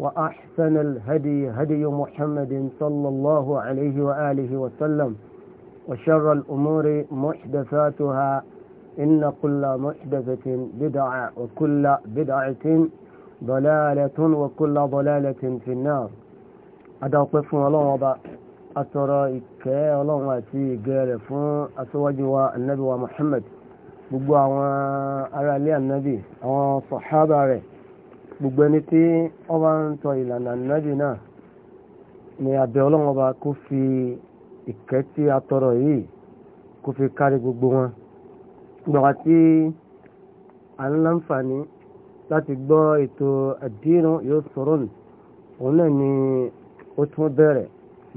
وأحسن الهدي هدي محمد صلى الله عليه وآله وسلم وشر الأمور محدثاتها إن كل محدثة بدعة وكل بدعة ضلالة وكل ضلالة في النار أدعطف الله أترى إكاء الله أتي قال فون النبي ومحمد بقوة àwọn ará ilé ànábì àwọn sọ̀hábà gbogbo ẹni tí wọ́n bá ń tọ ìlànà nàbì náà ni abẹ́ ọlọ́wọ́n bá kó fi ìkẹ́ tí a tọrọ yìí kó fi kárí gbogbo wọn gbọ́dọ̀ tí a ń láǹfààní láti gbọ́ ètò àdínú yóò sọ̀rọ̀ nù òun náà ni ó tún bẹ̀rẹ̀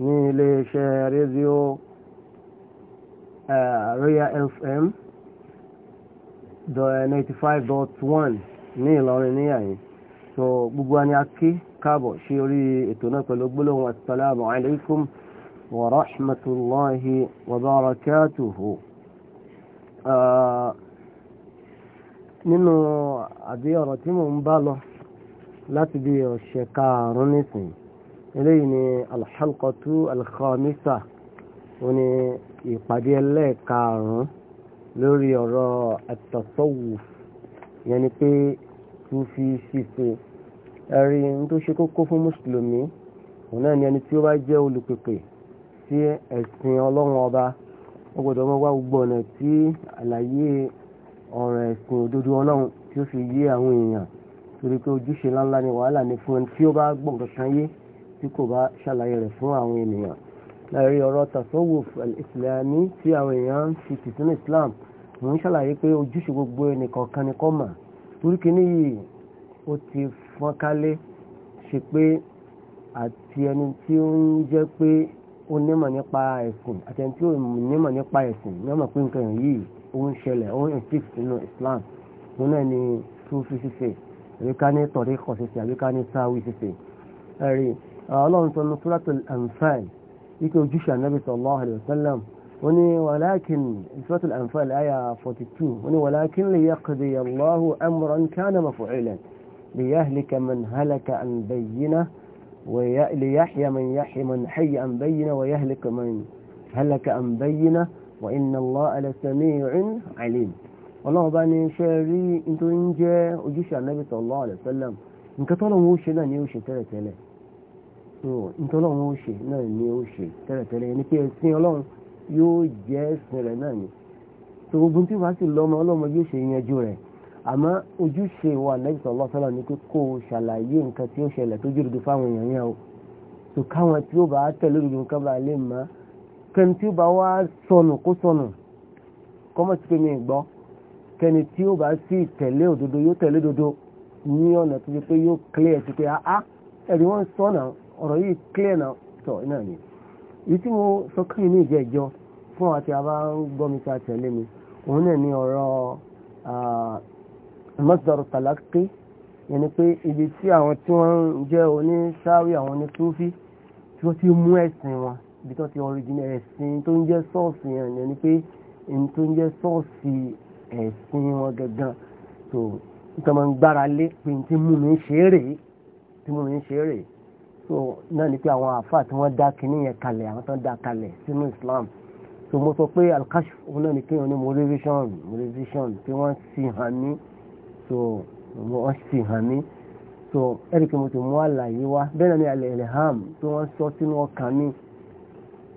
ní iléeṣẹ́ rédíò Royal FM ninety five dot one ní Ìlọrin níyàyín so gbogbo wa ni a kí káàbọ̀ sí orí ètò náà pẹ̀lú gbólóhùn assalamu alaikum wa rahmatulahi wa barakatuhu nínú àbí ọ̀rọ̀ tí mò ń bá lọ láti bí ọ̀sẹ̀ karùn-ún nísìn ni alhalqatu alkhamisa ó ní ìpàdé ẹlẹ́ẹ̀karùn-ún lórí ọ̀rọ̀ at-tasawuf Súfí ṣìṣe ẹ̀rí tó ṣe kókó fún mùsùlùmí òun náà ni ẹni tí ó bá jẹ́ olùpèpè sí ẹ̀sìn ọlọ́run ọba ó gbọ́dọ̀ mọ́ wá gbogbo ọ̀nà tí àlàyé ọ̀rọ̀ ẹ̀sìn òdodo ọlọ́run tí ó fi yé àwọn èèyàn torí pé ojúṣe ńláńlá ni wàhálà ní fún ẹni tí ó bá gbọ́ nǹkan yé tí kò bá ṣàlàyé rẹ̀ fún àwọn ènìyàn ẹ̀rí ọ̀rọ̀ tasawuf al-islami tí àwọn èèyàn ń fi tìtún islam mò ń ṣàlàyé pé ojúṣe gbogbo ẹnìkọ̀ọ̀kan ni kọ́ mà torí kìíní yìí ó ti fọ́nkálé ṣe pé àti ẹni tí ó ń jẹ́ pé ó nímọ̀ nípa ẹ̀sìn àti ẹni tí ó nímọ̀ nípa ẹ̀sìn ní ọmọ pé nǹkan yìí ó ń ṣẹlẹ̀ ó ń exist nínú Islam òun náà ni sufi ṣíṣe àbí ká ní tọ̀rí kọ̀ ṣíṣe àbí ká ní sáwì ṣíṣe ẹ̀rí ọlọ́run sọ ní Suratul Anfal wípé ojúṣe ànábì sallallahu alaihi wasallam وني ولكن سورة الأنفال آية 42 وني ولكن ليقضي الله أمرا كان مفعولا ليهلك من هلك عن بينه وليحيى من يحيى من حي عن بينه ويهلك من هلك عن بينه وإن الله لسميع عليم والله باني شري انتو انجا وجيش النبي صلى الله عليه وسلم انك tọ́lọ̀ موشي لا نيوشي ترى ó انتو لا موشي لا نيوشي ترى náà يعني ó سنين yóò jẹ́ ẹ̀sìn rẹ̀ náà ni tó ogun tí wàá sì lọ́mọ ọlọ́mọ yóò ṣe yanjú rẹ̀ àmọ́ ojúṣe wa Nabi sallallahu alaihi ni pé kó o ṣàlàyé nǹkan tí ó ṣẹlẹ̀ tó jòdòdó fáwọn èèyàn yẹn o tó káwọn tí ó bá tẹ̀lé òdodo nǹkan bá lè mọ́ kẹ́ni tí ó bá wá sọnù kó sọnù kọ́mọ̀ sí pé mi gbọ́ kẹ́ni tí ó bá sì tẹ̀lé òdodo yóò tẹ̀lé òdodo ní ọ̀nà tó ṣe pé yóò clear sí pé ah, ah ẹ̀rí wọ́n sọ ọ̀rọ̀ yìí clear náà tọ̀ náà nìyẹn èyí tí mo sọ kẹ́yìn ní ìjẹ́jọ́ fún àwọn tí a bá ń gbọ́ mi tí a tẹ̀lé mi òun náà ní ọ̀rọ̀ mọ́tòdọ̀rọ̀ tàlákì yẹn ni pé ibi tí àwọn tí wọ́n ń jẹ́ oníṣáwí àwọn oníṣúfí tí wọ́n ti mú ẹ̀sìn wọn ibi tó ti ọ̀rìjìnà ẹ̀sìn tó ń jẹ́ sọ́ọ̀sì yẹn yẹn pé èyí tó ń jẹ́ sọ́ọ̀sì ẹ̀sìn wọn gangan tó ń tọ́ ń gbára lé pé tí tí mú mi ń ṣe é rèé so náà ni pé àwọn àfà tí wọ́n dá kinní yẹn kalẹ̀ àwọn tó ń dá kalẹ̀ sínú Islam so mo sọ pé alkashf náà ni pé wọ́n ní motivation motivation tí wọ́n sì hàn mí so wọ́n sì hàn mí so eric mo ti mú àlàyé wá bẹ́ẹ̀ náà ni alẹ́ ilham tí wọ́n sọ sínú ọkàn mi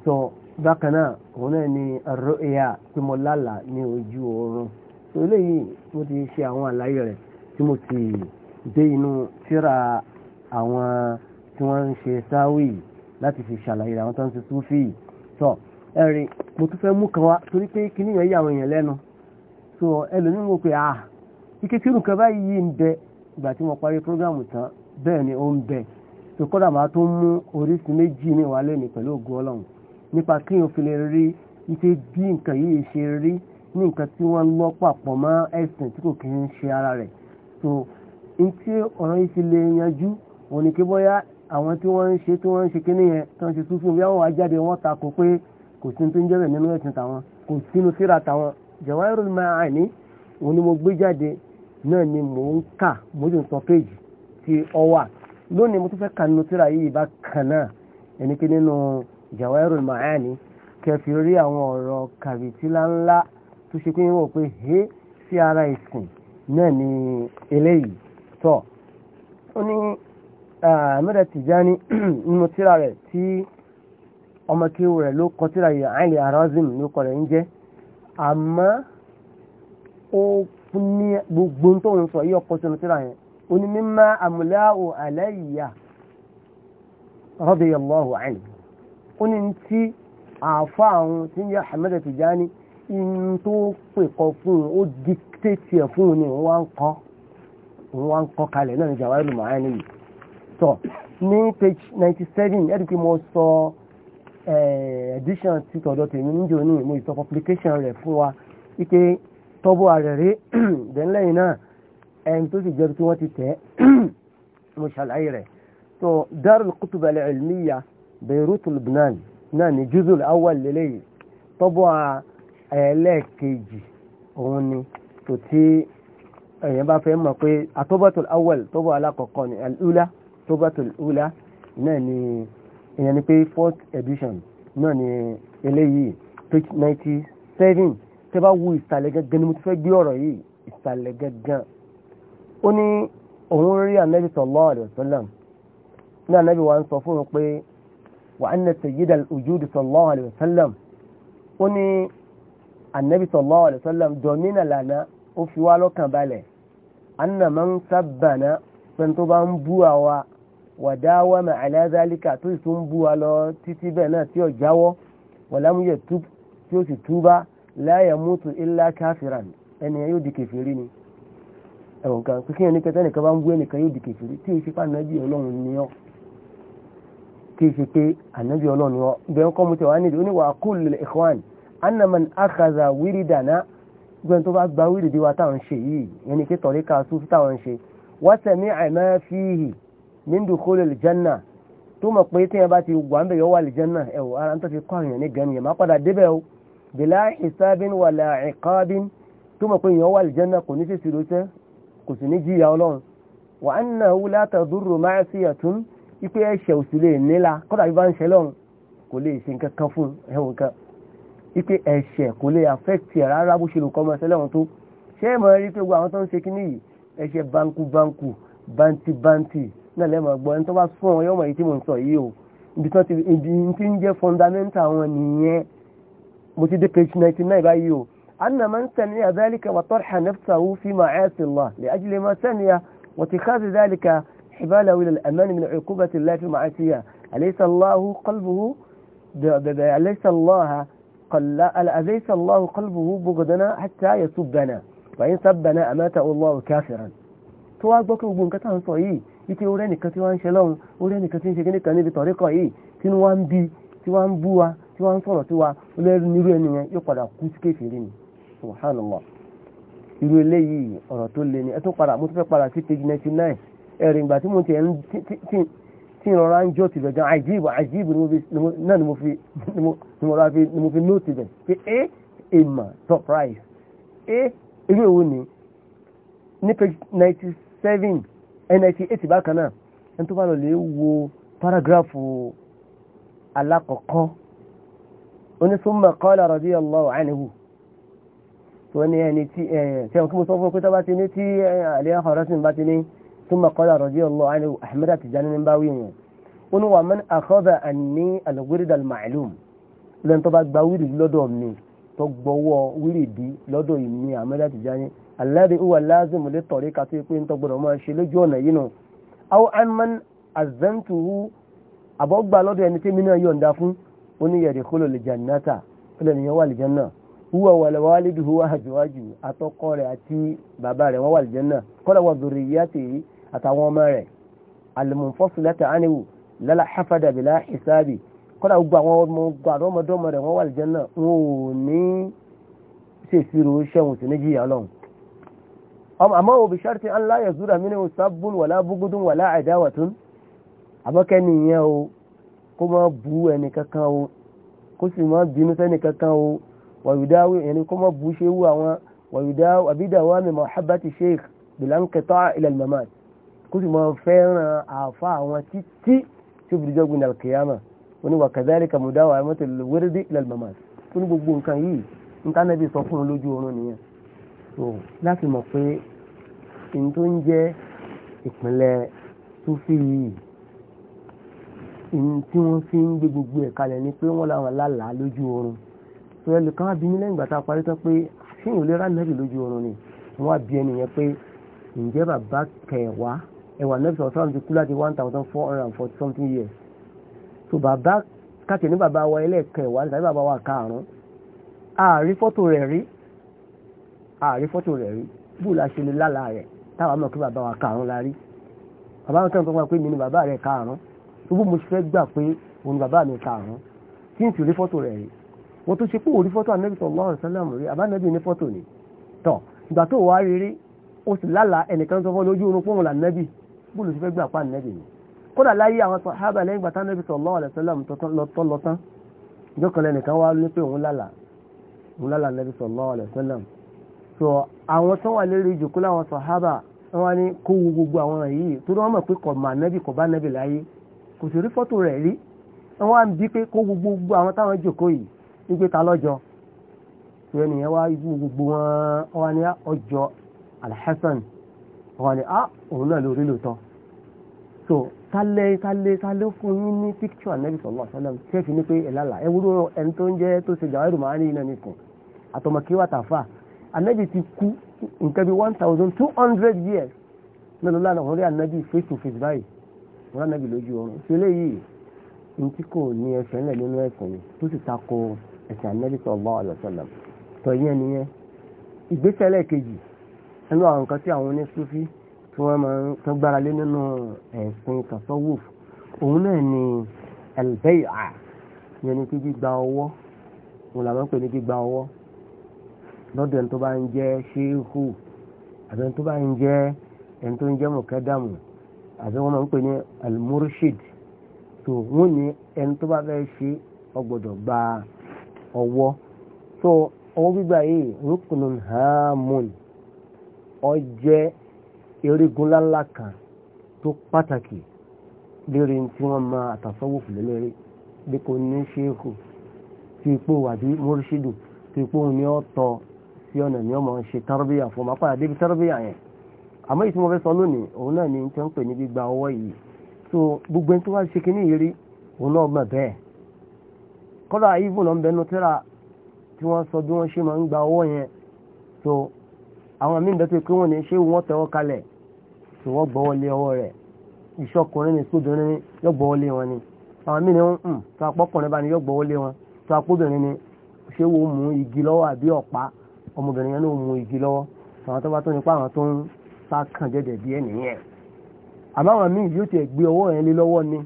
so bákan náà òun náà ni ar-ru'ya tí mo lálà ní ojú oorun so eléyìí mo ti ṣe àwọn àlàyé rẹ̀ tí mo ti dé inú tírà àwọn tí wọ́n ń ṣe sáwì láti fi ṣàlàyé àwọn tó ń ṣe súfì tọ́ ẹ̀rìn mo tún fẹ́ mú kan wá torí pé kí níyàn yà àwọn èèyàn lẹ́nu so ẹlòmíì mo pe ah ike tí nǹkan báyìí ń bẹ ìgbà tí mo parí prógrámù tán bẹ́ẹ̀ ni ó ń bẹ so kódà máa tó mú oríṣi méjì ní ìwà lẹ́nu pẹ̀lú ògo ọlọ́run nípa kí n fi lè rí ike bí nǹkan yìí ṣe rí ní nǹkan tí wọ́n lọ́ papọ̀ mọ́ ẹ̀sìn tí kò kí ń ṣe ara rẹ̀ so n tí ọ̀rọ̀ yìí fi lè yanjú òun ni kí bóyá àwọn tí wọ́n ń ṣe tí wọ́n ń ṣe kíní yẹn tí wọ́n ṣe túfú bí wọ́n wá jáde wọ́n ta kò pé kò sí tó ń jẹ́ bẹ̀ nínú ẹ̀sìn tàwọn kò sínú síra tàwọn Jawahirul Ma'ani òun ni mo gbé jáde náà ni mò ń kà mo sì ń sọ péjì tí ọ wà lónìí mo tún fẹ́ kà nínú síra yìí bá kàn náà ẹni pé nínú Jawahirul Ma'ani kẹfì rí àwọn ọ̀rọ̀ kàbìtì láńlá tó ṣe pé wọ́n pé ni eléyìí tọ́ ó Ah, Ahmed Tijani nínú tíra rẹ̀ tí ọmọ kéwù rẹ̀ ló kọ tíra yìí Àìlì Arazim ló kọ rẹ̀ ń jẹ́ àmọ́ ó ní gbogbo tó ń sọ yí ọkọ̀ sínú tíra yẹn ó ní mímọ́ àmúláwò àlẹ́yìíyà radiyallahu anhu ó ní tí àáfà àwọn tí ń yẹ Ahmed Tijani in tó pè kọ fún un ó dictate ẹ̀ fún un ni òun wá ń kọ́ kalẹ̀ náà ní Jawahirul Ma'ani yìí tọ̀ ní page ninety seven ẹ̀rí pé mo sọ edition ti tọ̀dọ̀ tèmi níjò ní mo ìsọ publication rẹ̀ fún wa wípé tọ́bọ̀ ààrẹ rí dẹ́nlẹ́yìn náà ẹni tó sì jẹ́ tí wọ́n ti tẹ̀ mo ṣàlàyé rẹ̀ tó Darul Kutub al-Ilmiya Beirut Lebanon náà ní juzul awal lélẹ́yìí tọ́bọ̀ ẹlẹ́ẹ̀kejì òun ni tó tí èèyàn bá fẹ́ mọ̀ pé atọ́bọ̀tul awal tọ́bọ̀ alákọ̀ọ́kọ́ ni al Tawbatul Ula náà ni ìyẹn ni pé fourth edition náà ni eléyìí page ninety seven tẹ́ bá wo ìsàlẹ̀ gangan ni mo ti fẹ́ gbé ọ̀rọ̀ yìí ìsàlẹ̀ gangan ó ní òun rí ànábì sallallahu alaihi wasallam ní ànábì wa ń sọ fún un pé wa anna sayyidal wujud sallallahu alaihi wasallam ó ní ànábì sallallahu alaihi wasallam dọ̀mínà lànà ó fi wá lọ́kàn balẹ̀ anna man sabbana bá ń bú àwa wàdáwà mà àlàzálíkà tó sì tún bú wa lọ títí bẹ́ẹ̀ náà tí ò jáwọ́ wàlámúyẹ̀ tú tí ó sì túbá láyà mútu ilá káfíran ẹni yóò di kẹfìrí ni ẹ̀wọ̀n kan kí ẹni kẹta nìkan bá ń bú ẹnìkan yóò di kẹfìrí tí èsì pàànàbí ọlọ́run ni ọ́ tí èsì pé ànábì ọlọ́run ni ọ́ bẹ́ẹ̀ kọ́ mu tẹ̀ wá nídìí ó ní wàá kú lulẹ̀ ikhwan annaman akaza wiridana gbẹ́n tó bá gba wíìrìdí wa táwọn ń ṣe yìí ẹni kí tọ̀ríkà sùn táwọn ń ṣe wọ́n tẹ̀mí àìmọ́ min dukhulil janna tó mọ̀ pé tí yẹn bá ti wà ń bẹ̀ yọ wà lè janna ẹ̀ wò ara ń tó fi kọ́ àyàn ní gan yẹn má padà débẹ̀ o bila hisabin wala iqabin tó mọ̀ pé yẹn wà lè janna kò ní sí sírò sẹ́ kò sì ní jìyà ọlọ́run wa annahu la tadurru ma'siyatun ipe ẹ̀ṣẹ̀ òsì lè níla kọ́dà bí bá ń ṣe lọ́run kò lè ṣe nǹkan fún ẹ̀wọ̀n kan ipe ẹ̀ṣẹ̀ kò lè àfẹ́tì rárá bó ṣe lè kọ́ ọmọ ẹsẹ̀ lọ́run tó ṣé ẹ̀ mọ̀ rí pé gbogbo àwọn tó ń ṣe kíní yìí ẹ̀ṣẹ̀ banku banku náà lẹ́mọ̀ gbọ́ ẹni tó bá sún ọ yọmọ èyí tí mo ń sọ yìí o ibi tí wọ́n ti ń jẹ́ fundamental wọn nìyẹn mo ti dé page ninety nine báyìí o أن من سمع ذلك وطرح نفسه في معاصي الله لأجل ما سمع واتخاذ ذلك حباله إلى الأمان من عقوبة الله في معاصيه أليس الله قلبه أليس الله قل أليس الله قلبه بغضنا حتى يسبنا وإن سبنا أماته الله كافرا تواضعك وبنكتها صعيب wípé orí ẹnìkan tí wọ́n ń ṣe lọ́run orí ẹnìkan tí ń ṣe kí nìkan níbi tọ̀ríkọ̀ yìí tí wọ́n ń bí tí wọ́n ń bú wa tí wọ́n ń sọ̀rọ̀ sí wa olórí nírú ẹni yẹn yóò padà kú sí kéfìrí ni irú eléyìí ọ̀rọ̀ tó le ni ẹ tún padà mo tún fẹ́ padà sí page ninety nine ẹ̀rìn ìgbà tí mo tiẹ̀ ń tí ìrora ń tìbẹ̀ ni mo fi n98 bákan náà ẹni tó bá lọ lè wo párágráfù alákọ̀ọ́kọ́ onísùnmọ̀ kọ́lá radiyallahu anhu tó ní ẹni tí ẹ̀ẹ́sẹ̀wọ̀n kí mo sọ fún pé tó bá ti ní tí àlẹ́ ọ̀rọ̀sìn bá ti ní súnmọ̀ kọ́lá radiyallahu anhu Ahmad Tijani ní báwí yẹn ó ní wà mẹ́ni akhadha anni al-wird lẹ́ni tó bá gba wíìrì lọ́dọ̀ mi tó gbọ́wọ́ wíìrì dí lọ́dọ̀ ìmí Ahmad Tijani alladhi huwa lazimu li tariqati pé ń tọ́gbọ̀dọ̀ máa ṣe lójú ọ̀nà yìí nù aw amman azantuhu àbọ̀gbà lọ́dọ̀ ẹni tí mi náà yọ̀ǹda fún oníyẹ̀rẹ̀ kólò lè jannata kólò nìyẹn wà lè janna huwa wala waliduhu wa azwaju àtọkọ rẹ̀ àti bàbá rẹ̀ wọ́n wà lè janna kọ́lá wa dhurriyyatihi àtàwọn ọmọ rẹ̀ al ọmọ àmọ́ òbí ṣáàtì ńlá yẹ̀zúra mí ní sábùn wàlá búgúdùn wàlá àdáwàtún àbọ́kẹ́ni ìyẹn o kó má bú ẹnì kankan o kó sì má bínú sẹ́nì kankan o wàyùdáwì ẹni kó má bú ṣe wú àwọn wàyùdáwì àbídàwà mi mọ̀hábàtì sheikh bilankẹtọ́ ilẹ̀ mamad kó sì má fẹ́ràn àfa àwọn títí tí ó fi dijọ́ gbin alkiyama oní wà kàdáàrí kàmúdáwà mọ́tò wẹ́rẹ́dẹ́ ilẹ̀ mamad fún gbogbo nǹkan yìí nǹkan náà bí sọ fún un lójú oorun nìyẹn so láti mọ̀ pé n tó ń jẹ́ ìpínlẹ̀ Sufi yìí n tí wọ́n fi ń gbé gbogbo ẹ̀ kalẹ̀ ni pé wọ́n làwọn lálàá lójú oorun so ẹnìkan àbí mi lẹ́yìn ìgbà tá a parí tán pé ṣé ìwòlé rà nẹ́bì lójú oorun ni wọ́n á bí ẹni yẹn pé ǹjẹ́ bàbá kẹwàá ẹwà nẹ́bì sọ̀rọ̀ sọ́run ti kú láti one thousand four hundred and forty something years so bàbá kàtẹ́ ní bàbá wa ẹlẹ́ẹ̀kẹwàá tàbí bàbá wa karùn-ún àárí fọ́tò rẹ̀ rí ààrí fọ́tò rẹ̀ rí bó la ṣe lè lálà rẹ̀ táwa mọ̀ pé bàbá wa karùn-ún la rí bàbá wọn kẹ́kọ̀ọ́ pé mi ni bàbá rẹ̀ karùn-ún gbogbo mo ṣe fẹ́ gbà pé òun ni bàbá mi karùn-ún tí n sì rí fọ́tò rẹ̀ rí wọ́n tó ṣe pé òrí fọ́tò anabi sallallahu alaihi wasallam rí abánabi ní fọ́tò ni tọ̀ ìgbà tó wàá rí rí ó sì lálà ẹnìkan tó fọ́ lójú oorun pọ́n là nẹ́bì bó ló ṣe fẹ́ gbà pa nẹ́bì ni kódà láyé àwọn sàhábà lẹ́yìn ìgbà tánẹ́bì sallallahu alaihi wasallam tọ́ lọ tán ìjọkànlẹ̀ nìkan wá ní pé òun lálà òun so àwọn tó wà lérí ìjòkó láwọn sọ̀hábà wọ́n ní kó wo gbogbo àwọn yìí tó wọ́n mọ̀ pé kò mà nẹ́bì kò bá nẹ́bì láyé kò sì rí fọ́tò rẹ̀ rí wọ́n á ń bí pé kó wo gbogbo àwọn táwọn jòkó yìí wípé ta lọ́jọ́ tó ènìyàn wá ibú gbogbo wọn wọ́n ní ah, ọjọ́ alhassan wọ́n ní á ah, òun náà lórí lòótọ́ so tálẹ̀ tálẹ̀ tálẹ̀ fún yín ní píkṣọ ànẹ́bì sallallahu alaihi wasallam ṣẹ́ẹ̀fì ní pé ẹ̀lálà ẹwúrú ẹni tó ń jẹ́ tó ṣe jàwẹ́rù máa ń rí iná nìkan àtọmọkíwà tàfà anabi ti kú nǹkan bí one thousand two hundred years mélòó lánàá wọ́n anabi face to face báyìí wọ́n rí anabi lójú ọ̀run ṣe léyìí ní tí kò ní ẹsẹ̀ ńlẹ̀ nínú ẹ̀sìn yìí tó sì tako ẹ̀sìn anabi sallallahu alaihi wasallam tọ̀ yẹn nìyẹn ìgbésẹ̀ lẹ́ẹ̀kejì ẹnu àwọn nǹkan tí àwọn oníṣúfí tí wọ́n máa ń tán gbára lé nínú ẹ̀sìn tasawuf òun náà ni al-bay'a yẹn ni pé gbígba ọwọ́ òun làwọn pè ní gbígba ọwọ́ lọ́dọ̀ ẹni tó bá ń jẹ́ ṣéhù àbí ẹni tó bá ń jẹ́ ẹni tó ń jẹ́ mọ̀kẹ́dàmù àbí wọ́n máa ń pè ní almurshid so wọ́n ní ẹni tó bá fẹ́ ṣe ọgbọ́dọ̀ gba ọwọ́ so ọwọ́ gbígbà yìí rukunun hamun ó jẹ́ erigun láńlá kan tó pàtàkì lérí tí wọ́n máa àtàsọ́wò fìlélẹ́rí bí kò ní ṣéhù tí ipò wàbí murshidu tí ipò ní ọ̀tọ̀ sí ọ̀nà ni ọmọ ṣe tarbiyya fún máa padà débi tarbiyya yẹn àmọ́ èyí tí mo fẹ́ sọ lónìí òun náà ni tí wọ́n pè ní gbígba ọwọ́ yìí so gbogbo ẹni tó wá ṣe kíní yìí rí òun náà mọ̀ bẹ́ẹ̀ kọ́dà ìbùn náà ń bẹnu tíra tí wọ́n sọ bí wọ́n ṣe máa ń gba ọwọ́ yẹn so àwọn míì bẹ́ẹ̀ pé wọ́n ní ṣé wọ́n tẹ́wọ́ kalẹ̀ tí wọ́n gbọ́wọ́ lé ọwọ́ rẹ̀ ìṣọkùnrin ní sóbìnrin ní yọ ni àwọn míì hmm, ní ń ọmọbìnrin yẹn ló mú igi lọ́wọ́ àwọn tó bá tó nípa àwọn tó ń sá kàn jẹ́jẹ́ bí ẹ̀ nìyẹn àmọ́ àwọn míì yóò tiẹ̀ gbé ọwọ́ yẹn lé lọ́wọ́ ni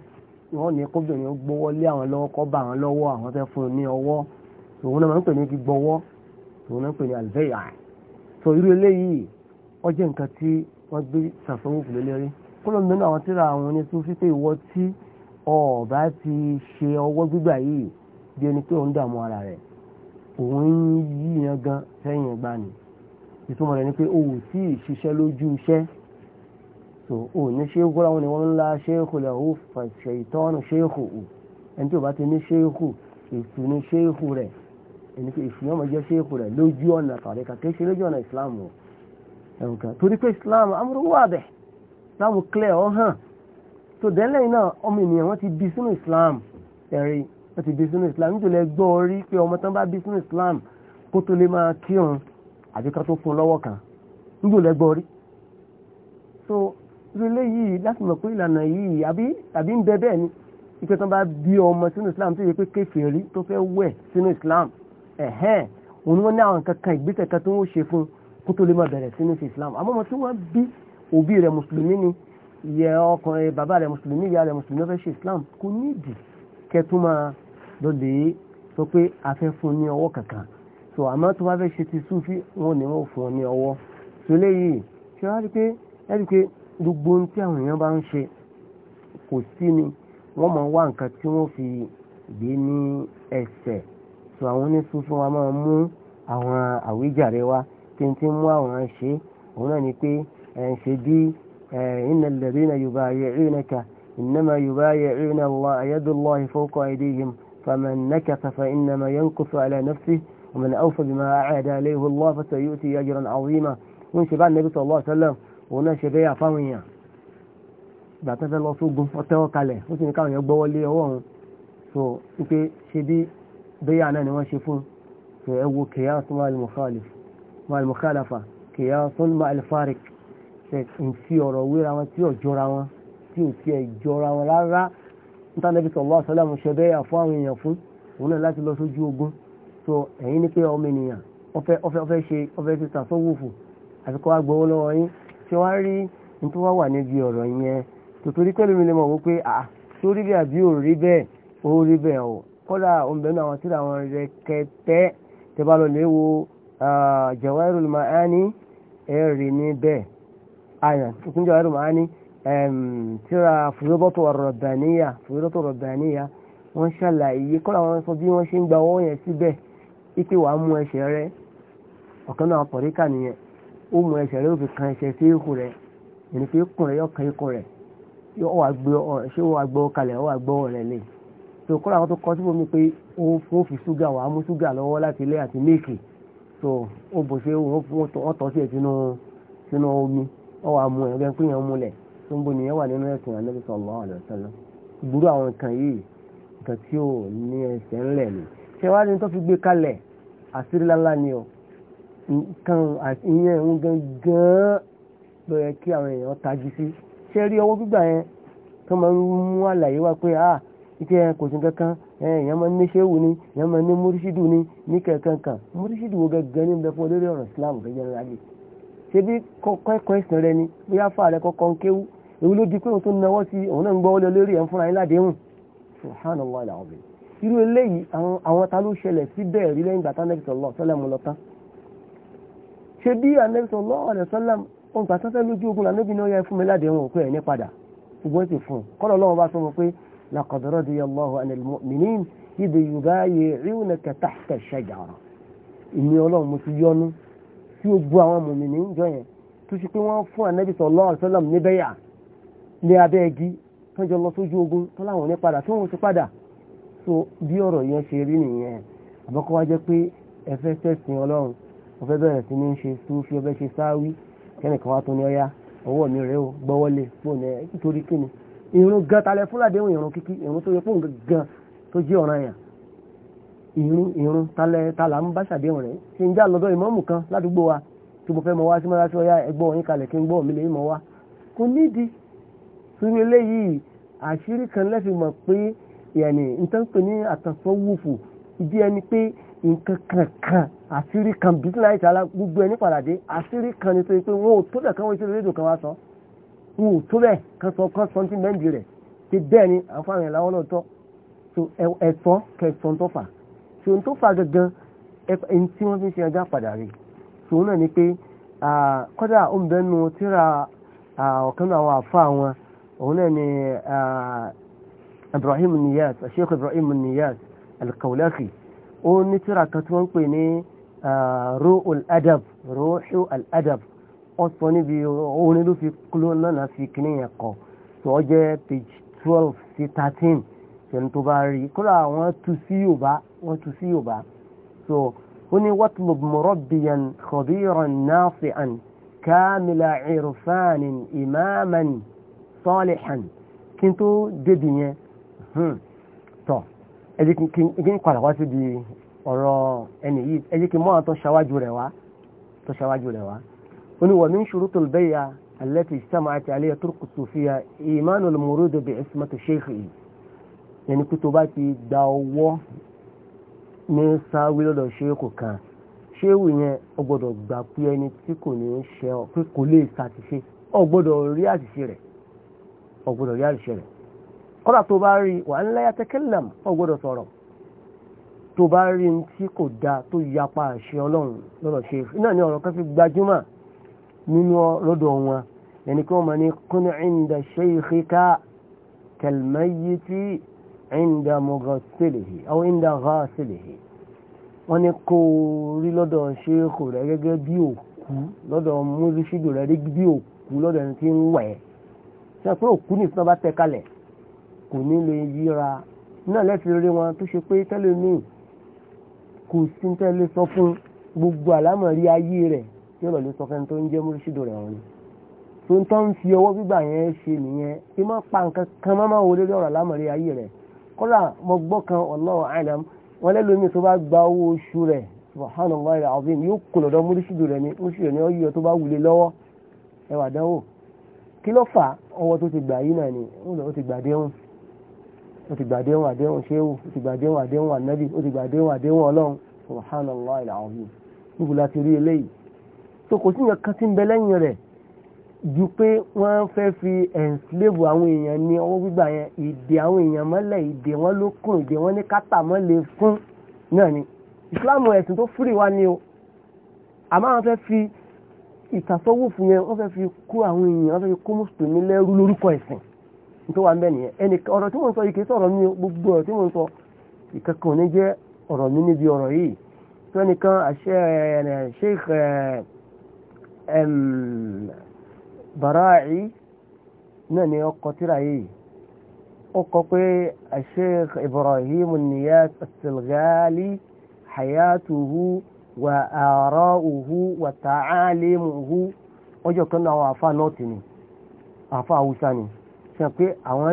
wọ́n ní kóbìnrin gbówó lé àwọn lọ́wọ́ kọ́ bá àwọn lọ́wọ́ àwọn fẹ́ fún un ní ọwọ́ òun náà máa ń pè ní igi gbọ́wọ́ òun náà ń pè ní alveya so irú eléyìí wọ́n jẹ́ nǹkan tí wọ́n gbé ṣàṣọwò fún lélẹ́rí kó ló ń bẹnu àwọn tíra àwọn oníṣúfí pé ìwọ tí ọ̀ọ́ bá ti ṣe ọwọ́ gbígbà yìí bí ẹni pé òun dààmú ara rẹ̀ òun ń yíyan gan sẹ́yìn ẹgbà ni ìtumọ̀ rẹ̀ ni pé o ò tí ì lójú iṣẹ́ so o ní ṣéèkù láwọn ni wọ́n ńlá ṣéèkù lẹ̀ ó fàṣẹ ìtọ́nù ṣéèkù o ẹni tí o bá ti ní ṣéèkù ètò ní ṣéèkù rẹ̀ ẹni pé ìfìyàn máa jẹ́ ṣéèkù rẹ̀ lójú ọ̀nà tàríkà kì ṣe lójú ọ̀nà Islam o ẹ̀rù kan torí pé Islam amúrú bẹ̀ Islam so dẹ́lẹ́yìn náà ọmọ ènìyàn wọ́n ti Islam ẹ̀rí wọ́n ti bí sínú islam nítorí ẹgbọ́ orí pé ọmọ tán bá bí sínú islam kó tó lè máa kírun àbí ká tó fún lọ́wọ́ kan nítorí ẹgbọ́ orí. so ilé yìí láti mọ̀ pé ìlànà yìí àbí ń bẹ bẹ́ẹ̀ ni ìpè tán bá bí ọmọ sínú islam tó yẹ pé kèfèrí tó fẹ́ wẹ̀ sínú islam ẹ̀hẹ́n òun ni wọ́n ní àwọn kankan ìgbésẹ̀ kan tó ń ṣe fún kó tó lè máa bẹ̀rẹ̀ sínú islam àmọ́ ọmọ tí wọ́n bí òbí rẹ̀ mùsùlùmí ni ìyẹn ọkùnrin bàbá rẹ̀ mùsùlùmí ìyá rẹ̀ mùsùlùmí ló fẹ́ ṣe islam kò ní ìdí kẹtún máa lọ́lẹ̀ sọ pé a fẹ́ fún ní ọwọ́ kankan so àmọ́ tó bá fẹ́ ṣe ti súnfí wọn ni wọ́n fún ọ ní ọwọ́ so léyìí ṣe wá rí pé ẹ̀rí pé gbogbo ohun tí àwọn èèyàn bá ń ṣe kò sí ni wọ́n máa wá nǹkan tí wọ́n fi gbé ní ẹsẹ̀ so àwọn onísúnfí wa máa mú àwọn àwíjàre wa kí n ti mú àwọn ṣe òun náà ni pé ẹ̀ ń ṣe bí ẹ̀ ń lẹ̀rí na yorùbá ayé rí na kà إنما يبايعون الله يد الله فوق أيديهم فمن نكث فإنما ينكث على نفسه ومن أوفى بما أعاد عليه الله فسيؤتي أجرا عظيما وإن شبع النبي صلى الله عليه وسلم وإن شبع فاوية gbàtẹ́fẹ́ lọ sógun ọtẹ́wọ́ kalẹ̀ ó sì ní káwọn èèyàn gbọ́wọ́ lé ọwọ́ òun so wípé ṣe bí bẹ́yà náà ni wọ́n ṣe fún so ẹ wo kìyàsún ma'al-mukhalafa kìyàsún ma'al-farik ṣe ń fi ọ̀rọ̀ wéra wọn tí ò wọn tí ò tiẹ̀ jọra wọn rárá nítànẹ́bí sọ̀rọ̀ àṣọlẹ́mù ṣe bẹ́ẹ̀ àfọ́ àwọn èèyàn fún òun náà láti lọ sójú ogun so ẹ̀yin ní pé ọmọ ènìyàn ọfẹ́ ọfẹ́ ọfẹ́ ṣe ọfẹ́ ti tàṣọ́wòfò àfikọ́ agbowó lọ́wọ́ yín ṣé wàá rí ní tó wá wà níbi ọ̀rọ̀ yẹn tòtòrí pẹ̀lú mi lè mọ̀ wípé à tó rí bẹ́ẹ̀ àbí ò rí bẹ́ẹ̀ ó rí bẹ́ẹ̀ o kódà òǹbẹ̀nu àwọn Ma'ani ẹ̀rì ní bẹ́ẹ̀ àyàn Ma'ani tíra fúyọ́dọ́tò rọ̀bàníyà fúyọ́dọ́tò rọ̀bàníyà wọ́n ṣàlàyé kọ́ra wọn sọ bí wọ́n ṣe ń gba owó yẹn síbẹ̀ ike wàá mú ẹsẹ̀ rẹ ọ̀kan náà pọ̀ríkà nìyẹn ó mú ẹsẹ̀ rẹ ó fi kan ẹsẹ̀ sí ikùn rẹ ìní fi kùn rẹ yọ kan ikùn rẹ yóò wá gbé ọ ṣé wọ́n wá gbọ́ kalẹ̀ wọ́n wá gbọ́ rẹ lè tó kọ́ra wọn tó kọ́ síbò mi pé ó fi ṣúgà wàá mú ṣúgà lọ́wọ́ láti ilé àti méèkì so ó bò ṣe wọ́n tọ́ sí ẹ̀ sínú omi ọ wàá mú ẹ̀ bẹ́ẹ̀ pé yẹn mú tó ń bo wà nínú ẹ̀sìn Ànábì sallallahu alaihi wasallam gbúrú àwọn nǹkan yìí nǹkan tí ò ní ẹsẹ̀ ńlẹ̀ ni ṣé wàá ní tó fi gbé kalẹ̀ àṣírí ni o nǹkan ìyẹn ń gangan ló yẹ kí àwọn èèyàn tají sí ṣé rí ọwọ́ gbígbà yẹn tó máa ń mú àlàyé wá pé ah ike kò sí kankan èèyàn máa ń ní ṣéwù ni èèyàn máa ń ní múrísìdù ni ní kankan kan múrísìdù wo gẹ́gẹ́ ní bẹ fún olórí ọ̀rọ̀ Islam gẹ́gẹ́ bí kọ́kọ́ ẹ̀kọ́ ìsìn rẹ ni bóyá fà rẹ kọ́kọ́ ń kéwù èwo ló di pé òun tó náwó sí òun náà ń gbọ́ ọlẹ́ lórí ẹ̀ ń fúnra yín ládéhùn subhanallah alazim irú eléyìí àwọn ta ló ṣẹlẹ̀ síbẹ̀ rí lẹ́yìn gbàtà nẹ́bí sallallahu alaihi wasallam lọ tán ṣe bí anẹ́bí sallallahu alaihi wasallam òun gbà sáfẹ́ lójú ogun lànẹ́bí náà yẹ fún mi ládéhùn òkú ẹ̀ ní padà ṣùgbọ́n ti fún un kọ́lọ̀ pé wọ́n fún anẹ́bí sallallahu alaihi níbẹ̀yà ní abẹ́ igi tó jọ lọ sójú ogun tó láwọn ní padà tó wọn ti padà so bí ọ̀rọ̀ yẹn ṣe rí nìyẹn àbọ́kọ́ wá jẹ́ pé ẹ fẹ́ tẹ̀sìn ọlọ́run ó fẹ́ bẹ̀rẹ̀ sí ní ṣe súfì ó fẹ́ ṣe sáwí kẹ́nìkan wá tó ní ọyá ọwọ́ mi rẹ̀ ó gbọ́wọ́lé fóònù ẹ̀ nítorí kíni ìrún gan talẹ̀ fúlàdé ìrún kíkí ìrún tó yẹ fóònù gan tó jẹ́ ọ̀ràn yẹn ìrún ìrún talẹ̀ talà ń bá ṣàdéhùn rẹ̀ ṣe ń já lọ́dọ̀ ìmọ̀ọ́mù kan ládùúgbò wa tí mo fẹ́ mọ wá sí mọ́ra sí ọyá ẹgbọ́ yín kalẹ̀ kí n gbọ́ mi lè mọ́ wá kò nídìí sórí eléyìí àṣírí kan lẹ́fi mọ̀ pé yẹnì nǹkan pè ní àtàsọ́wùfù ìdí ẹni pé nǹkan kankan àṣírí kan bísíláì tààlà gbogbo ẹni pàdàdé àṣírí kan ni tó yẹ pé wọn ò tó bẹ̀ káwọn ìṣẹ̀lẹ̀ rédíò kan wá sọ wọn ò tó bẹ̀ kan sọ kan sọ ti mẹ́ǹdì rẹ̀ ti bẹ́ẹ̀ ni àǹfààní ẹ̀ láwọn náà tọ́ so ẹ̀tọ́ kẹsàn tó fà so n tó fà gangan ẹni tí wọ́n fi ṣe ẹja padà rè so náà ni pé kọ́dà ó ń bẹ́nu tíra ọ̀kan náà àwọn àfa wọn òun náà ni Ibrahim Niyas Sheikh Ibrahim Niyas al-Kawlaki ó ní tírà kan tí wọ́n ń pè ní Ruhul Adab Ruhul Adab ó sọ níbi òun ló fi kúló lọ́nà fi kíní yẹn kọ̀ tó jẹ́ page twelve sí thirteen ṣẹ̀ni tó bá rí kódà wọ́n tu sí Yorùbá wọ́n tu sí Yorùbá so ó ní watlub murabbiyan khabiran nafi'an kamila irfanin imaman salihan kí n tó débi yẹn hmm. tọ̀ ẹ jẹ́ kí n padà wá síbi ọ̀rọ̀ ẹni yìí ẹ jẹ́ kí n mọ́ àwọn tó ṣáwájú rẹ̀ wá tó ṣáwájú rẹ̀ wá ó ní wa min shurutul bay'a allati ijtama'at alayha turku sufiyya imanul murud bi ismati shaykhihi ẹni pé tó bá ti gba ọwọ́ ní sáwí lọ́dọ̀ ṣéèkù kan ṣéèwù yẹn ó gbọ́dọ̀ gbà pé ẹni tí kò ní ṣe ọ pé kò lè ṣàtìṣe ó gbọ́dọ̀ rí àṣìṣe rẹ̀ ọ̀gbọ́dọ̀ yá ìṣẹ̀lẹ̀ kọ́dà tó bá rí wà ńlá yá tẹ́kẹ́lẹ̀m ọ̀gbọ́dọ̀ sọ̀rọ̀ tó bá rí ní tí kò da tó yapa àṣẹ ọlọ́run lọ́dọ̀ ṣe iná ní ọ̀rọ̀ kan fi gbajúmọ̀ nínú lọ́dọ̀ wọn ẹni kí wọ́n mọ̀ ní kúnú ìndà shaykhika kalmayyiti ìndà mughassilihi àwọn ìndà ghasilihi wọ́n ní kó rí lọ́dọ̀ ṣéèkù rẹ̀ gẹ́gẹ́ bí òkú lọ́dọ̀ múrísídò ṣe pé òkú ní ìfúnná bá tẹ kalẹ̀ kò ní lè yíra náà lẹ́sìn rere wọn tó ṣe pé tẹ́lẹ̀ ní kò sí tẹ́lẹ̀ sọ fún gbogbo àlámọ̀rí ayé rẹ̀ tí ó lọ lè sọ fẹ́ni tó ń jẹ́ múrísìdò rẹ̀ wọn ni tó ń tán fi ọwọ́ gbígbà yẹn ṣe nìyẹn kí má pa nǹkan kan má máa wo lórí ọ̀rọ̀ àlámọ̀rí ayé rẹ̀ kọ́lá mo gbọ́ kan Allahu a'lam wọn lẹ́lómi tó bá gba owó oṣù rẹ̀ subhanallahi alazim yóò kùnà lọ́dọ̀ múrísìdò rẹ̀ ni múrísìdò rẹ̀ ni ó yọ tó bá wulẹ̀ lọ́wọ́ ẹwà dánwò kí ló fà ọwọ́ tó ti gbà yìí náà ni ó ti gbàdéhùn ó ti gbàdéhùn àdéhùn ṣéwù ó ti gbàdéhùn àdéhùn ànábì ó ti gbàdéhùn àdéhùn ọlọ́run subhanallah alazim níbo la ti rí eléyìí so kò sí nǹkan tí ń bẹ lẹ́yìn rẹ̀ ju pé wọ́n fẹ́ fi ẹ̀ǹsìlẹ́bù àwọn èèyàn ní ọwọ́ gbígbà yẹn ìdè àwọn èèyàn mọ́lẹ̀ ìdè wọn ló kùn ìdè wọn ní kátà mọ́lẹ̀ fún náà ni ìsìláàmù ẹ̀sìn tó fúrì wá ni o àmọ́ àwọn fẹ́ fi ìtàsọ́wọ́fù yẹn wọ́n fẹ́ fi kó àwọn èèyàn wọ́n fẹ́ fi kó mùsùlùmí lẹ́rú lórúkọ ẹ̀sìn tó wà ń bẹ̀ nìyẹn ẹnì ọ̀rọ̀ tí mo ń sọ yìí kì í sọ̀rọ̀ mi gbogbo ọ̀rọ̀ tí mo sọ ìkankan ní jẹ́ ọ̀rọ̀ mi níbi ọ̀rọ̀ yìí tí wọ́n nìkan àṣẹ sheikh bara'i náà ni ọkọ̀ tíra yìí ó kọ pé sheikh ibrahim niyas asilgali hayatuhu wà àárọ̀ òhu wà tà á ọjọ́ kan náà àwọn àfa nọ́ọ̀tì ni àfa haúsá ni ṣe pé àwọn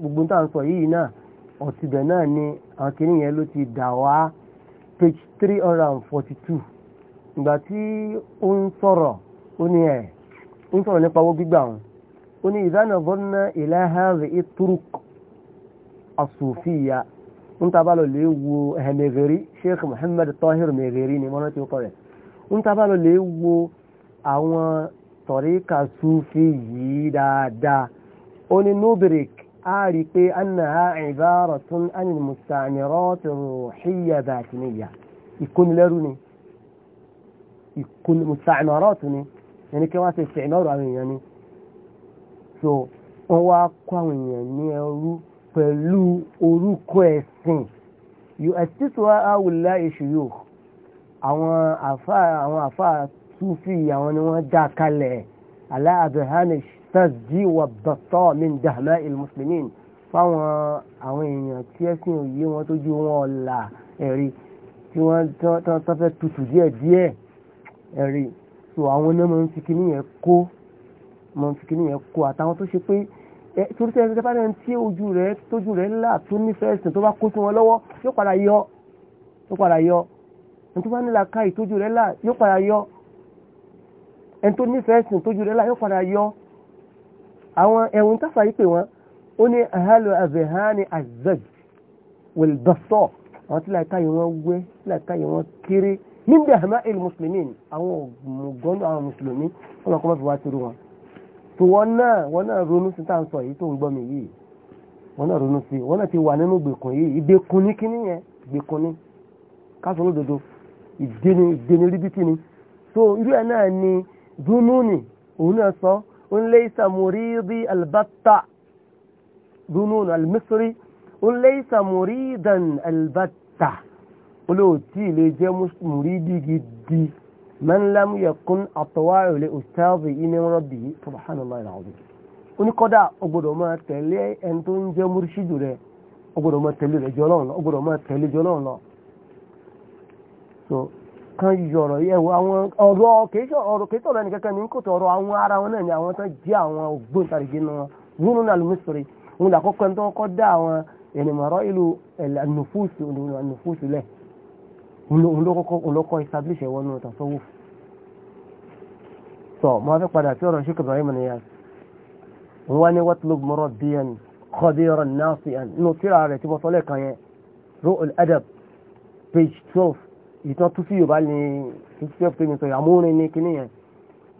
gbogbo tá ń sọ yìí náà ọ̀tìbẹ̀ náà ni àwọn kìnìún yẹn ló ti page three hundred and forty two ìgbà tí ó ń sọ̀rọ̀ ó ní ẹ̀ ń sọ̀rọ̀ nípa owó gbígbà wọn ó ní ń ta bá lọ lè wo ẹ̀hẹ̀mẹ̀gẹ̀rí eh, sheikh muhammad tahir mẹ̀gẹ̀rí ni mọ́nà tí ó kọ́ rẹ̀ ń ta bá lọ lè wo àwọn tọ̀ríkà sufi yìí dáadáa ó ní nubirik a rí pé annaha ibaratun anil musta'mirati ruhiyya batiniyya ìkónilẹ́rú ni musta'mirati ni ẹni kí wọ́n ti ṣe ìnáwó àwọn èèyàn ni so wọ́n wá kó àwọn èèyàn ní ẹrú pẹ̀lú orúkọ ẹ̀sìn yóò ẹ̀títù àwùlá ìṣòyò àwọn àfà àwọn àfà súfì àwọn ni wọ́n dá kalẹ̀ aláàbẹ̀hánì sàdí wà bàtọ́ min dàmẹ́ ilmùsùlùmíìn fáwọn àwọn èèyàn tí ẹ̀sìn òye wọn tó ju wọn ọ̀la ẹ̀rí tí wọ́n tán fẹ́ tutù díẹ̀díẹ̀ ẹ̀rí so àwọn náà mọ̀ ń fi kíní yẹn kó mọ̀ ń fi kíní yẹn kó àtàwọn tó ṣe pé torí tí ẹni tẹ́fà náà tí ojú rẹ̀ tójú rẹ̀ ńlá tó nífẹ̀ẹ́ sìn tó bá kó sí wọn lọ́wọ́ yóò padà yọ yóò padà yọ ẹni tó bá nílà ká ìtójú rẹ̀ ńlá yóò padà yọ ẹni tó nífẹ̀ẹ́ sìn tójú rẹ̀ ńlá yóò padà yọ. àwọn ẹ̀wùn tàfà yìí pè wọ́n ó ní ahalo azehani azeg wilbaso àwọn tí láìka yìí wọ́n wẹ́ tí láìka yìí wọ́n kéré níbi àmà il muslimin àwọn mùgọ́nù àwọn mùsùlùmí ọlọ́kọ́ mọ́ fi wá tó wọn náà wọn náà ronú sí tá à ń sọ yìí tó ń gbọ́ mi yìí wọn náà ronú sí wọn náà ti wà nínú gbèkùn yìí ìgbèkùn ní kíní yẹn gbèkùn ní káṣọ lódodo ìdéni ìdéni ríbítì ni so irú ẹ náà ni dununi òun náà sọ ó ń lé ìsàmùrí rí albata dununi almisri ó ń lé ìsàmùrí dan albata olóòtí ilé jẹ́ mùrídìí gidi. من لم يكن atawa'u li ustadhihi min rabbihi subhanallahi alazim ó ní kódà ó gbọ́dọ̀ máa tẹ̀lé ẹni tó ń jẹ́ múrísídù rẹ̀ ó gbọ́dọ̀ máa tẹ̀lé rẹ̀ so kan yọ̀rọ̀ yẹ wo àwọn ọ̀rọ̀ kìíṣọ̀ ọ̀rọ̀ kìíṣọ̀ ọ̀rọ̀ ẹnìkankan ní kòtò ọ̀rọ̀ àwọn ara wọn náà ni àwọn tán jẹ́ àwọn ògbóǹtarìgì nu wọn wúrú náà ló mísìrì òun làkọ́kọ́ ẹni tó kọ́ dá àwọn ènìmọ̀rọ̀ ìlú nùfúùsù olókọ́ establish ẹ̀wọ́n náà tàṣọ́wò sọ ma fẹ́ padà sí ọ̀rọ̀ ṣíkà Ibrahim Niyas ń wá ní watlub murabbiyan khadiran nasian inú tíra rẹ̀ tí mo sọ lẹ́ẹ̀kan yẹn Ru'ul Adab page twelve ìtàn tún sí Yorùbá ní fifty twelve tẹ́mi sọ ìyàmúrin ní kíní yẹn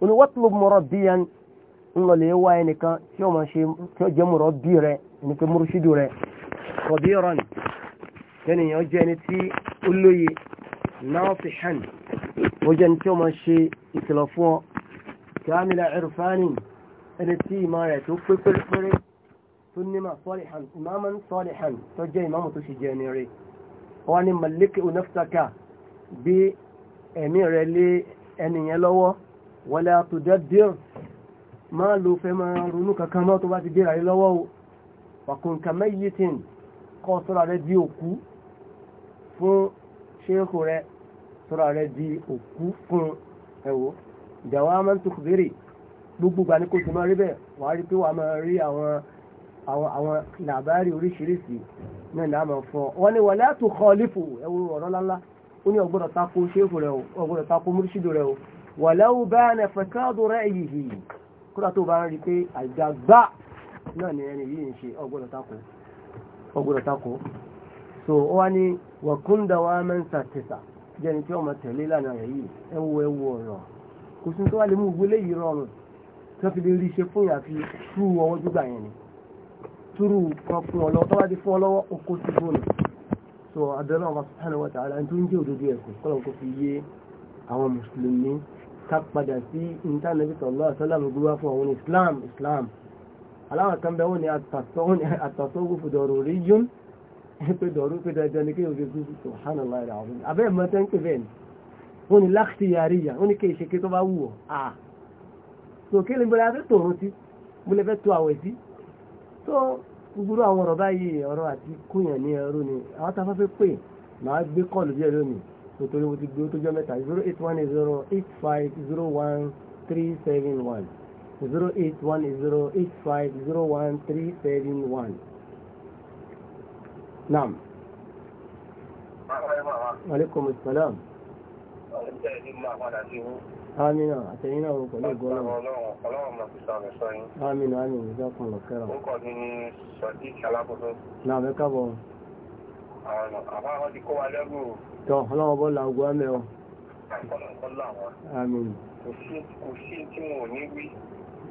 ó ní watlub murabbiyan ń lọ lè wá ẹnìkan tí ó máa ṣe tí ó jẹ́ murabbi rẹ̀ ẹni tí ó ناصحا وجنتي ماشي يتلفو كامل عرفان التي ما يتوفي بالفري ثم صالحا إماما صالحا فجاء إمام تشجانيري وأن ملك نفسك بأمير لي أن يلوى ولا تدبر ما له فما رنوك كما تبات دير علوى وكن كميت قصر على ديوكو فشيخ رأي sọ́ra rẹ di òkú fún ẹ̀wọ̀ ìjàwá máa ń tó kùbérè gbogbo gbà ní kò tó máa rí bẹ́ẹ̀ wàá rí pé wàá máa rí àwọn àwọn àwọn làbárì oríṣiríṣi náà ní àmọ̀ fún ọ wọn ni wàlẹ́ àtò kọ́ọ̀lífò ẹ̀wọ̀ ọ̀rọ̀ ńláńlá ó ní ọgbọ́dọ̀ tako ṣéfù rẹ o ọgbọ́dọ̀ tako múrísìdò rẹ o wàlẹ́ ò bá ẹnẹ fẹ̀kádù rẹ yìí kúrò tó bá ń rí pé àjàgbá náà ni ẹni yìí ń ṣe ọgbọ́dọ̀ tako so ó wá ní wàkúndà tẹ̀sà jẹ́ ẹni tí ọmọ tẹ̀lé lànà rẹ̀ yìí ẹ wo ẹ wo ọ̀rọ̀ kò sí tó wà lè mú ìwélé yìí rọrùn tí fi lè rí ṣe fún yàn fi túrú ọwọ́ gbígbà yẹn ni túrú kan fún ọ lọ́wọ́ tó bá ti fún ọ lọ́wọ́ oko ti bọ́ọ̀lù so abẹ́rẹ́ ọmọ subhanahu wa ta'ala tó ń jẹ́ òdodo ẹ̀sìn kọ́lọ̀ kó fi yé àwọn mùsùlùmí ká padà sí intanẹ́tì sallallahu alaihi wasallam fún àwọn islam islam aláwọ̀ kan bẹ́ẹ̀ wọ́n ni àtàtọ́ wọ́n rí yún pé dọ̀rú pé dandan ni kí o fi kú subhanallah alazim abẹ́ mọ́tẹ́ ń pè bẹ́ẹ̀ ni wọ́n ni láktiyariya wọ́n ni kí ìṣe kí tó bá wù ọ́ à tó kí lè bẹ̀rẹ̀ afẹ́ tòrún sí mo lè fẹ́ tó àwẹ̀ sí tó gbogbo àwọn ọ̀rọ̀ báyìí ọ̀rọ̀ àti kúnyàn ní ẹrú ni àwọn tá a fẹ́ pè máa gbé kọ́ọ̀lù díẹ̀ lónìí nítorí mo ti gbé tó jọ mẹ́ta zero eight نعم. عليكم السلام. Amina àtẹ̀yìn náà pẹ̀lú ìgbọ́nà. Ọlọ́run máa fi sàmì sọ yín. Amina amina ìjọ kan lọ kẹ́rọ. Ó kọ́ ní Sọ̀dí Ṣalábọ́dọ́. Náà bẹ́ kábọ̀. Àwọn àwọn ti kó wa lẹ́rù. Tọ́ ọlọ́run bọ́ làwọn gbọ́ mẹ́ o. Àkọlọ̀ ń kọ́ làwọn. Amina. Kò sí tí wọn ò ní wí.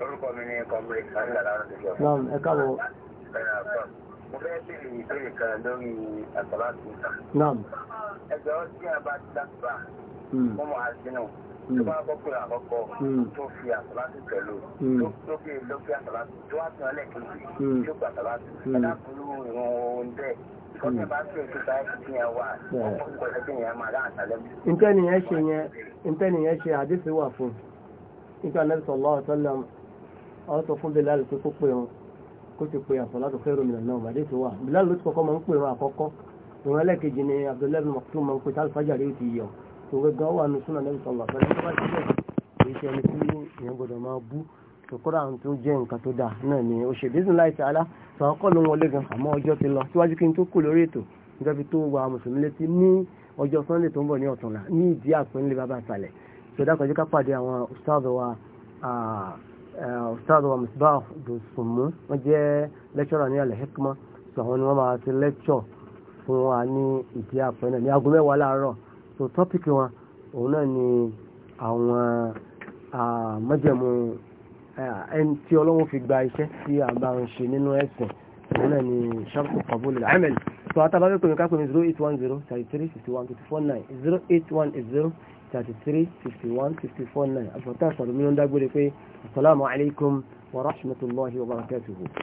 Orúkọ mi ni Comrade Sandal Arúgbó. Náà ẹ káàbọ̀. Eh, mo fẹ́ bèèrè ìbéèrè kan lórí àtàlátì ìta. Náà. Ẹgbẹ́ ọtí àbá ti dàgbà. Mo mọ̀ àdínù. Tó bá bọ́kùnrin àkọ́kọ́ hmm. tó fi àtàlátì pẹ̀lú. Lókè lókè àtàlátì tó wá hmm. sí ọlẹ́ kejì tó gbà àtàlátì. Ẹ dábòrú ìwọ̀n ohun bẹ́ẹ̀. Hmm. Ìtẹ́niyàn ṣe yẹn, ìtẹ́niyàn ṣe àdísíwà fún. Ìtẹ́niyàn ṣe àdísíwà fún àwọn sọ fún Bilal pé kó pè wọn kó ti pè as-salatu khairun minan nawm bàdé tó wà Bilal ló ti kọ́kọ́ máa ń pè wọn àkọ́kọ́ ìwọ̀n ẹlẹ́kejì ni Abdullahi Maktum máa ń pè tálífàjà rí ti yọ tó gẹ́gẹ́ wà ní súnà lẹ́yìn sọ̀rọ̀ àfẹ́lẹ́ tó bá ti bẹ̀ kì í ṣe ẹni tí ìyẹn gbọ́dọ̀ máa bú ṣòkúrà tó jẹ́ nǹkan tó dáa náà ni ó ṣe bísí láì tààlà tó àwọn kọ́ ọjọ́ sunday tó ń bọ̀ ní ọ̀túnla ní ìdí àpínlẹ̀ bàbá àtàlẹ̀ ṣòdá kan jẹ́ ká pàdé àwọn ustaz wa Ustaz wa Misbah Dùsùnmú wọ́n jẹ́ lẹ́kṣọ́rà ní Al-Hikma sọ àwọn ni wọ́n máa ti lẹ́kṣọ̀ fún wa ní ìdí àpẹ́ náà ní aago mẹ́wàá láàárọ̀ so tọ́pìkì wọn òun náà ni àwọn mọ́jẹ̀mú ẹni tí ọlọ́wọ́ fi gba iṣẹ́ tí a bá ń ṣe nínú ẹ̀sìn òun náà ni ṣọ́pù kọ̀bólì àmẹ́lì so àtàbábẹ́ pèmí ká pèmí 0810 33 61 24 9 0810 33 51 54 9 افوتا عليكم ورحمه الله وبركاته